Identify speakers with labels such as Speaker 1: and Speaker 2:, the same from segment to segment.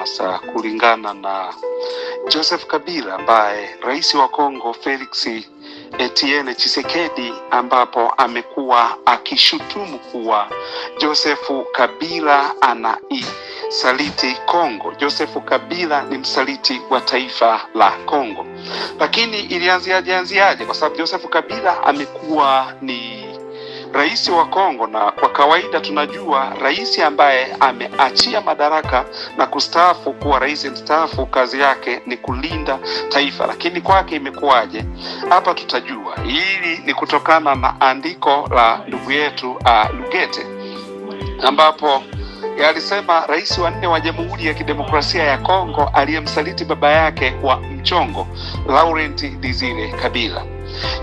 Speaker 1: hasa kulingana na Joseph Kabila ambaye rais wa Kongo Felix Etienne chisekedi ambapo amekuwa akishutumu kuwa Joseph Kabila saliti Kongo. Joseph Kabila ni msaliti wa taifa la Kongo, lakini ilianziaje anziaje? Kwa sababu Joseph Kabila amekuwa ni rais wa Kongo, na kwa kawaida tunajua rais ambaye ameachia madaraka na kustaafu kuwa rais mstaafu, kazi yake ni kulinda taifa, lakini kwake imekuwaje? Hapa tutajua. Hili ni kutokana na andiko la ndugu yetu uh, Lugete ambapo alisema rais wa nne wa Jamhuri ya Kidemokrasia ya Kongo aliyemsaliti baba yake wa mchongo Laurent Desire Kabila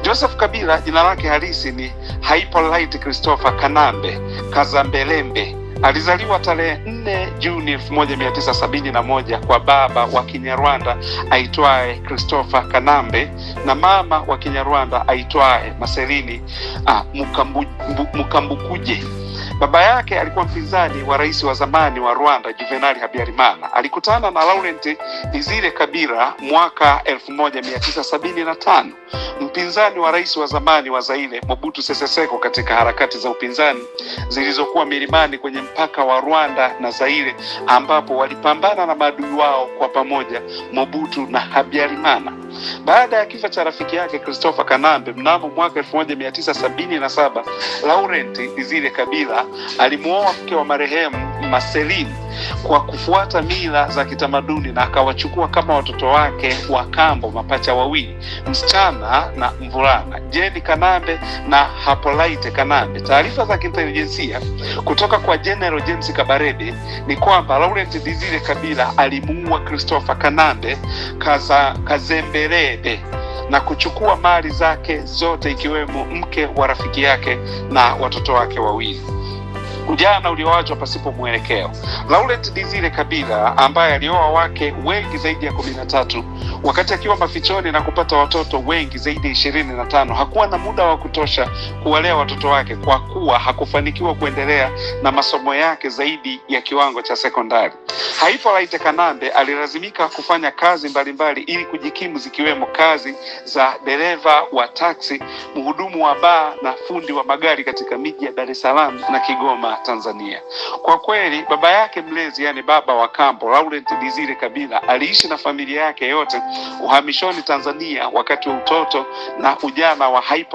Speaker 1: Joseph Kabila jina lake halisi ni Hippolyte Christopher Kanambe Kazambelembe. Alizaliwa tarehe 4 Juni 1971 kwa baba wa Kinyarwanda aitwaye Christopher Kanambe na mama wa Kinyarwanda aitwaye Maselini ah, Mukambukuje Baba yake alikuwa mpinzani wa rais wa zamani wa Rwanda juvenali Habyarimana. Alikutana na Laurent Desire Kabila mwaka 1975, mpinzani wa rais wa zamani wa Zaire Mobutu Sese Seko, katika harakati za upinzani zilizokuwa milimani kwenye mpaka wa Rwanda na Zaire, ambapo walipambana na maadui wao kwa pamoja, Mobutu na Habyarimana. Baada ya kifo cha rafiki yake Christopher Kanambe mnamo mwaka 1977, Laurent Desire Kabila mila alimuoa mke wa marehemu maselin kwa kufuata mila za kitamaduni na akawachukua kama watoto wake wa kambo mapacha wawili, msichana na mvulana, Jeni Kanambe na hapolite Kanambe. Taarifa za kiintelijensia kutoka kwa General James Kabarebe ni kwamba Laurent dizile Kabila alimuua Christopher Kanambe Kaza, Kazemberebe na kuchukua mali zake zote ikiwemo mke wa rafiki yake na watoto wake wawili ujana ulioachwa pasipo mwelekeo. Laurent Desire Kabila ambaye alioa wake wengi zaidi ya kumi na tatu wakati akiwa mafichoni na kupata watoto wengi zaidi ya ishirini na tano hakuwa na muda wa kutosha kuwalea watoto wake kwa kuwa hakufanikiwa kuendelea na masomo yake zaidi ya kiwango cha sekondari. Haifa Laite Kanambe alilazimika kufanya kazi mbalimbali mbali ili kujikimu zikiwemo kazi za dereva wa taksi, mhudumu wa baa na fundi wa magari katika miji ya Dar es Salaam na Kigoma, Tanzania. Kwa kweli baba yake mlezi, yani baba wa kambo Laurent Desire Kabila aliishi na familia yake yote uhamishoni Tanzania wakati wa utoto na ujana wa Haifa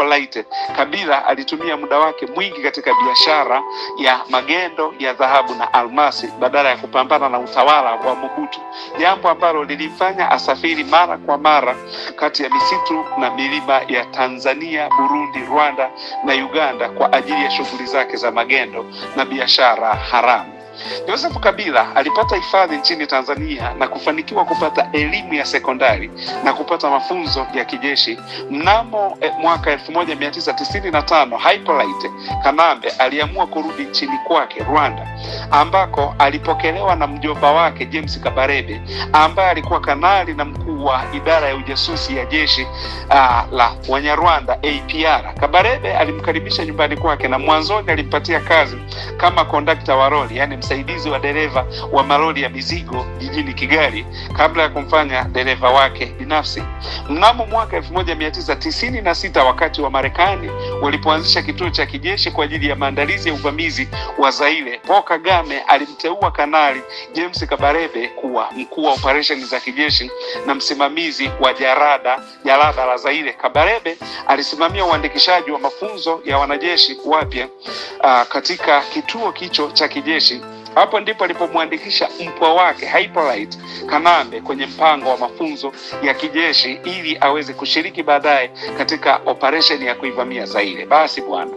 Speaker 1: Kabila alitumia muda wake mwingi katika biashara ya magendo ya dhahabu na almasi badala ya kupambana na utawala wa Mobutu, jambo ambalo lilifanya asafiri mara kwa mara kati ya misitu na milima ya Tanzania, Burundi, Rwanda na Uganda kwa ajili ya shughuli zake za magendo na biashara haramu. Joseph Kabila alipata hifadhi nchini Tanzania na kufanikiwa kupata elimu ya sekondari na kupata mafunzo ya kijeshi. Mnamo eh, mwaka 1995 Hippolyte Kanambe aliamua kurudi nchini kwake Rwanda, ambako alipokelewa na mjomba wake James Kabarebe ambaye alikuwa kanali na mkuu wa idara ya ujasusi ya jeshi uh, la Wanyarwanda APR. Kabarebe alimkaribisha nyumbani kwake na mwanzoni alimpatia kazi kama kondakta wa roli yani msaidizi wa dereva wa malori ya mizigo jijini Kigali kabla ya kumfanya dereva wake binafsi. Mnamo mwaka 1996 wakati wa Marekani walipoanzisha kituo cha kijeshi kwa ajili ya maandalizi ya uvamizi wa Zaire, Paul Kagame alimteua Kanali James Kabarebe kuwa mkuu wa operesheni za kijeshi na msimamizi wa jarada jarada la Zaire. Kabarebe alisimamia uandikishaji wa mafunzo ya wanajeshi wapya uh, katika kituo kicho cha kijeshi hapo ndipo alipomwandikisha mpwa wake Hippolyte Kanambe kwenye mpango wa mafunzo ya kijeshi ili aweze kushiriki baadaye katika operesheni ya kuivamia Zaire. Basi bwana,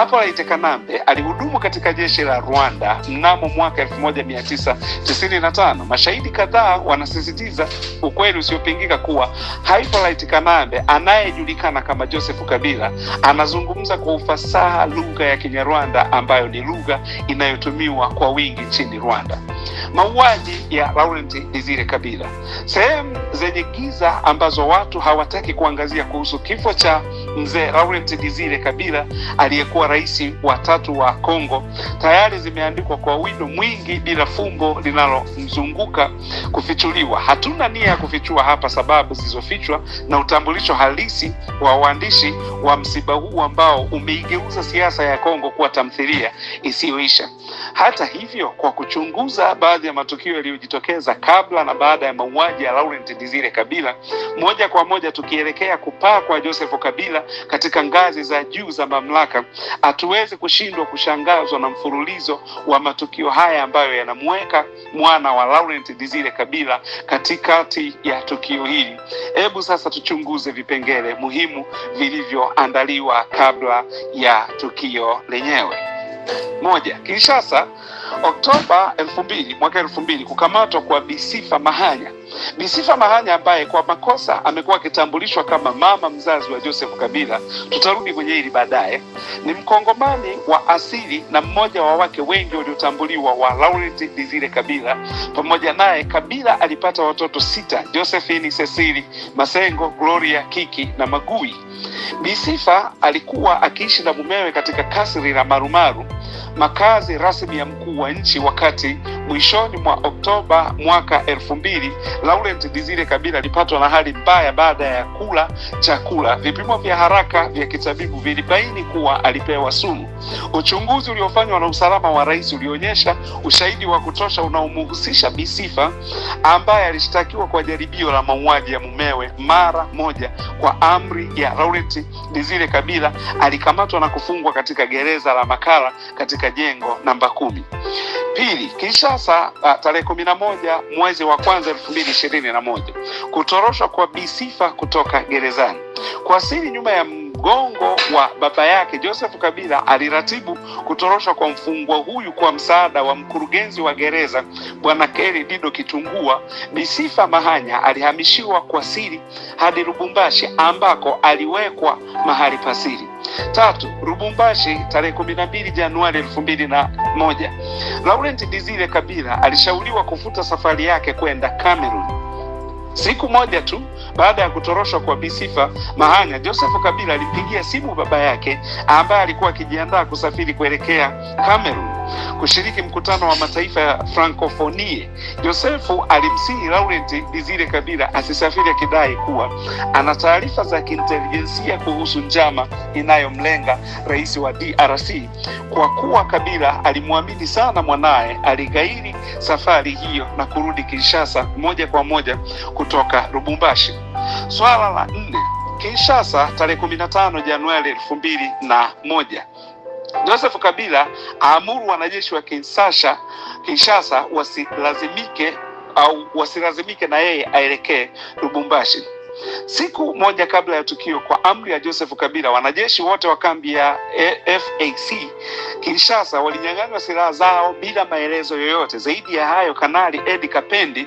Speaker 1: Hippolyte Kanambe alihudumu katika jeshi la Rwanda mnamo mwaka 1995. Mashahidi kadhaa wanasisitiza ukweli usiopingika kuwa Hippolyte Kanambe anayejulikana kama Joseph Kabila anazungumza kwa ufasaha lugha ya Kinyarwanda ambayo ni lugha inayotumiwa kwa wingi nyingi nchini Rwanda. Mauaji ya Laurent Desire Kabila, sehemu zenye giza ambazo watu hawataki kuangazia kuhusu kifo cha mzee Laurent Desire Kabila aliyekuwa rais wa tatu wa Kongo, tayari zimeandikwa kwa wino mwingi bila fumbo linalomzunguka kufichuliwa. Hatuna nia ya kufichua hapa sababu zilizofichwa na utambulisho halisi wa waandishi wa msiba huu ambao umeigeuza siasa ya Kongo kuwa tamthilia isiyoisha. Hata hivyo hiyo kwa kuchunguza baadhi ya matukio yaliyojitokeza kabla na baada ya mauaji ya Laurent dizire Kabila, moja kwa moja tukielekea kupaa kwa Joseph Kabila katika ngazi za juu za mamlaka, hatuwezi kushindwa kushangazwa na mfululizo wa matukio haya ambayo yanamweka mwana wa Laurent dizire Kabila katikati ya tukio hili. Hebu sasa tuchunguze vipengele muhimu vilivyoandaliwa kabla ya tukio lenyewe. Moja, Kinshasa Oktoba elfu mbili mwaka elfu mbili kukamatwa kwa Bisifa Mahanya. Bisifa Mahanya ambaye kwa makosa amekuwa akitambulishwa kama mama mzazi wa Joseph Kabila, tutarudi kwenye hili baadaye, ni mkongomani wa asili na mmoja wa wake wengi waliotambuliwa wa Laurent dizile Kabila. Pamoja naye Kabila alipata watoto sita: josephini cecili Masengo, Gloria, Kiki na Magui bisifa Sifa alikuwa akiishi na mumewe katika kasri la Marumaru, makazi rasmi ya mkuu wa nchi, wakati mwishoni mwa Oktoba mwaka elfu mbili Laurent Desire Kabila alipatwa na hali mbaya baada ya kula chakula. Vipimo vya haraka vya kitabibu vilibaini kuwa alipewa sumu. Uchunguzi uliofanywa na usalama wa rais ulionyesha ushahidi wa kutosha unaomhusisha bisifa ambaye alishtakiwa kwa jaribio la mauaji ya mumewe mara moja kwa amri ya Raul ni zile Kabila alikamatwa na kufungwa katika gereza la Makala katika jengo namba kumi. Pili, Kinshasa ah, tarehe kumi na moja mwezi wa kwanza elfu mbili ishirini na moja kutoroshwa kwa bisifa kutoka gerezani siri nyuma ya mgongo wa baba yake Joseph Kabila aliratibu kutoroshwa kwa mfungwa huyu kwa msaada wa mkurugenzi wa gereza Bwana Keri Dido Kitungua. Bisifa Mahanya alihamishiwa kwa siri hadi Lubumbashi ambako aliwekwa mahali pasiri. Tatu, Rubumbashi tarehe 12 Januari elfu na moja Laurent Dizire Kabila alishauriwa kufuta safari yake kwenda Cameroon. Siku moja tu baada ya kutoroshwa kwa bisifa Mahanya, Joseph Kabila alimpigia simu baba yake ambaye alikuwa akijiandaa kusafiri kuelekea Cameroon kushiriki mkutano wa mataifa ya Francophonie. Josefu alimsihi Laurent Desire Kabila asisafiri akidai kuwa ana taarifa za kiintelijensia kuhusu njama inayomlenga rais wa DRC. Kwa kuwa Kabila alimwamini sana mwanaye, aligairi safari hiyo na kurudi Kinshasa moja kwa moja kutoka Lubumbashi. Swala la nne, Kinshasa, tarehe 15 Januari 21 josefu na moja Joseph Kabila aamuru wanajeshi wa Kinshasa, Kinshasa wasilazimike au wasilazimike na yeye aelekee Lubumbashi. Siku moja kabla ya tukio, kwa amri ya Joseph Kabila, wanajeshi wote wa kambi ya FAC Kinshasa walinyang'anywa silaha zao bila maelezo yoyote. Zaidi ya hayo, Kanali Edi Kapendi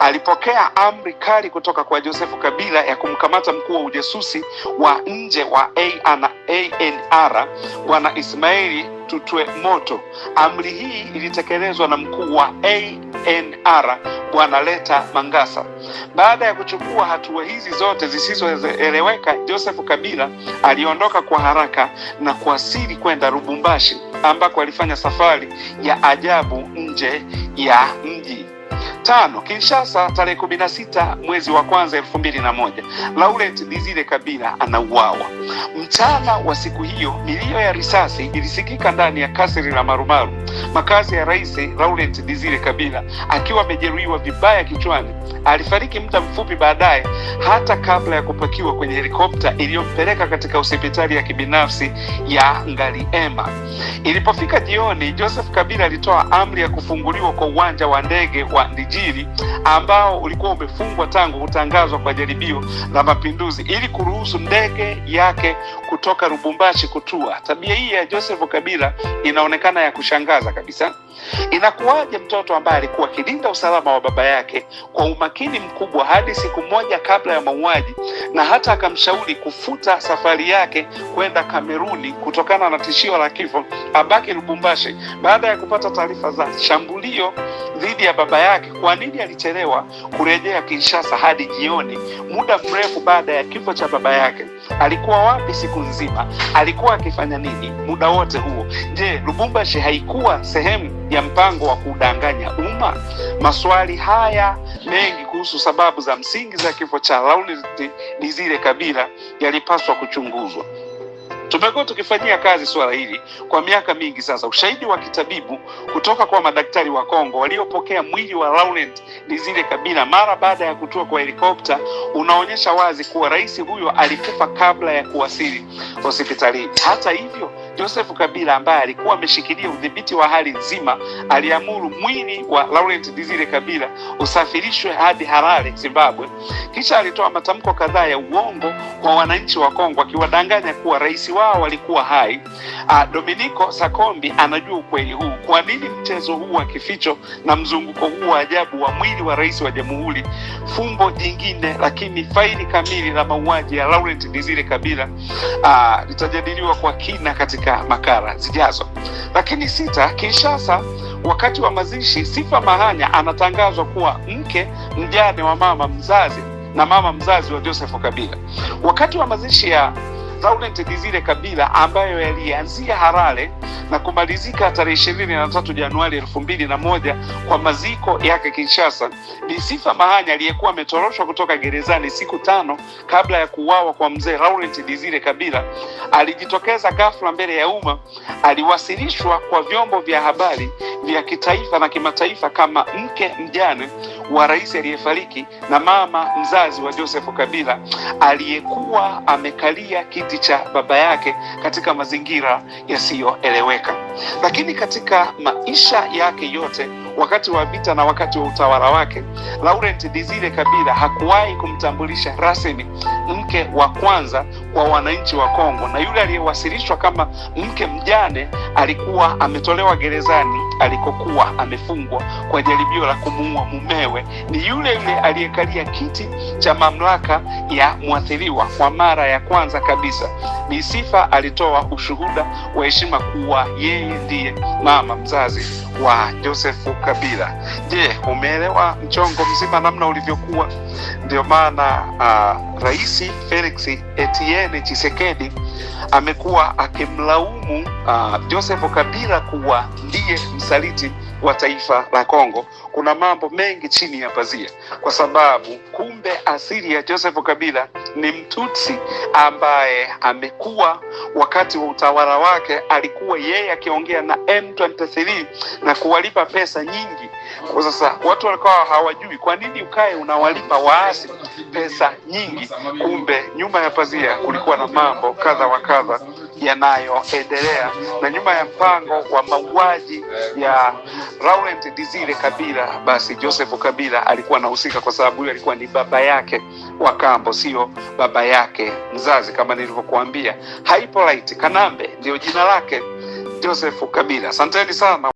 Speaker 1: alipokea amri kali kutoka kwa Joseph Kabila ya kumkamata mkuu wa ujasusi wa nje wa ANR Bwana Ismaili tutwe moto. Amri hii ilitekelezwa na mkuu wa ANR Bwana Leta Mangasa. Baada ya kuchukua hatua hizi zote zisizoeleweka, Joseph Kabila aliondoka kwa haraka na kuasiri kwenda rubumbashi ambako alifanya safari ya ajabu nje ya mji. Tano, Kinshasa tarehe kumi na sita mwezi wa kwanza elfu mbili na moja Laurent Desire Kabila anauawa. Mchana wa siku hiyo milio ya risasi ilisikika ndani ya kasri la Marumaru, makazi ya rais Laurent Desire Kabila. Akiwa amejeruhiwa vibaya kichwani, alifariki muda mfupi baadaye, hata kabla ya kupakiwa kwenye helikopta iliyompeleka katika hospitali ya kibinafsi ya Ngaliema. Ilipofika jioni, Joseph Kabila alitoa amri ya kufunguliwa kwa uwanja wa ndege wa utajiri ambao ulikuwa umefungwa tangu kutangazwa kwa jaribio la mapinduzi ili kuruhusu ndege yake kutoka rubumbashi kutua. Tabia hii ya Joseph Kabila inaonekana ya kushangaza kabisa. Inakuwaje mtoto ambaye alikuwa akilinda usalama wa baba yake kwa umakini mkubwa hadi siku moja kabla ya mauaji, na hata akamshauri kufuta safari yake kwenda Kameruni kutokana na tishio la kifo, abaki Lubumbashi, baada ya kupata taarifa za shambulio dhidi ya baba yake? Kwa nini alichelewa kurejea Kinshasa hadi jioni, muda mrefu baada ya kifo cha baba yake? Alikuwa wapi siku nzima? Alikuwa akifanya nini muda wote huo? Je, Lubumbashi haikuwa sehemu ya mpango wa kudanganya umma? Maswali haya mengi kuhusu sababu za msingi za kifo cha ni zile Kabila yalipaswa kuchunguzwa. Tumekuwa tukifanyia kazi suala hili kwa miaka mingi sasa. Ushahidi wa kitabibu kutoka kwa madaktari wa Kongo waliopokea mwili wa Laurent zile Kabila mara baada ya kutua kwa helikopta unaonyesha wazi kuwa rais huyo alikufa kabla ya kuwasili hospitalini. Hata hivyo Joseph Kabila ambaye alikuwa ameshikilia udhibiti wa hali nzima, aliamuru mwili wa Laurent Desire Kabila usafirishwe hadi Harare, Zimbabwe. Kisha alitoa matamko kadhaa ya uongo kwa wananchi wa Kongo, akiwadanganya kuwa rais wao walikuwa hai. A, ah, Dominico Sakombi anajua ukweli huu. Kwa nini mchezo huu wa kificho na mzunguko huu wa ajabu wa mwili wa rais wa jamhuri? Fumbo jingine lakini faili kamili la mauaji ya Laurent Desire Kabila ah, litajadiliwa kwa kina katika katika makara zijazo. Lakini sita, Kinshasa, wakati wa mazishi, Sifa Mahanya anatangazwa kuwa mke mjane wa mama mzazi na mama mzazi wa josefu Kabila. Wakati wa mazishi ya Laurent dizile Kabila ambayo yalianzia Harare na kumalizika tarehe ishirini na tatu Januari elfu mbili na moja kwa maziko yake Kinshasa. ni Sifa Mahanya aliyekuwa ametoroshwa kutoka gerezani siku tano kabla ya kuuawa kwa mzee Laurent dizire Kabila alijitokeza ghafla mbele ya umma. Aliwasilishwa kwa vyombo vya habari vya kitaifa na kimataifa kama mke mjane wa rais aliyefariki na mama mzazi wa Joseph Kabila aliyekuwa amekalia kiti cha baba yake katika mazingira yasiyoeleweka kuongezeka, lakini katika maisha yake yote wakati wa vita na wakati wa utawala wake, Laurent dizile Kabila hakuwahi kumtambulisha rasmi mke wa kwanza kwa wananchi wa Kongo, na yule aliyewasilishwa kama mke mjane alikuwa ametolewa gerezani alikokuwa amefungwa kwa jaribio la kumuua mumewe. Ni yule yule aliyekalia kiti cha mamlaka ya mwathiriwa kwa mara ya kwanza kabisa. ni Sifa alitoa ushuhuda wa heshima kuwa yeye ndiye mama mzazi wa Josefu kabila. Je, umeelewa mchongo mzima namna ulivyokuwa? Ndio maana uh, ah, Rais Felix Etienne Tshisekedi amekuwa akimlaumu uh, Joseph Kabila kuwa ndiye msaliti wa taifa la Kongo. Kuna mambo mengi chini ya pazia, kwa sababu kumbe asili ya Joseph Kabila ni Mtutsi ambaye amekuwa wakati wa utawala wake alikuwa yeye akiongea na M23 na kuwalipa pesa nyingi kwa sasa watu walikuwa hawajui kwa nini ukae unawalipa waasi pesa nyingi, kumbe nyuma ya pazia kulikuwa na mambo kadha wa kadha yanayoendelea na nyuma ya mpango wa mauaji ya Laurent Desire Kabila, basi Joseph Kabila alikuwa anahusika, kwa sababu huyo alikuwa ni baba yake wa kambo, sio baba yake mzazi. Kama nilivyokuambia, Hippolyte Kanambe ndio jina lake, Joseph Kabila. Asanteni sana.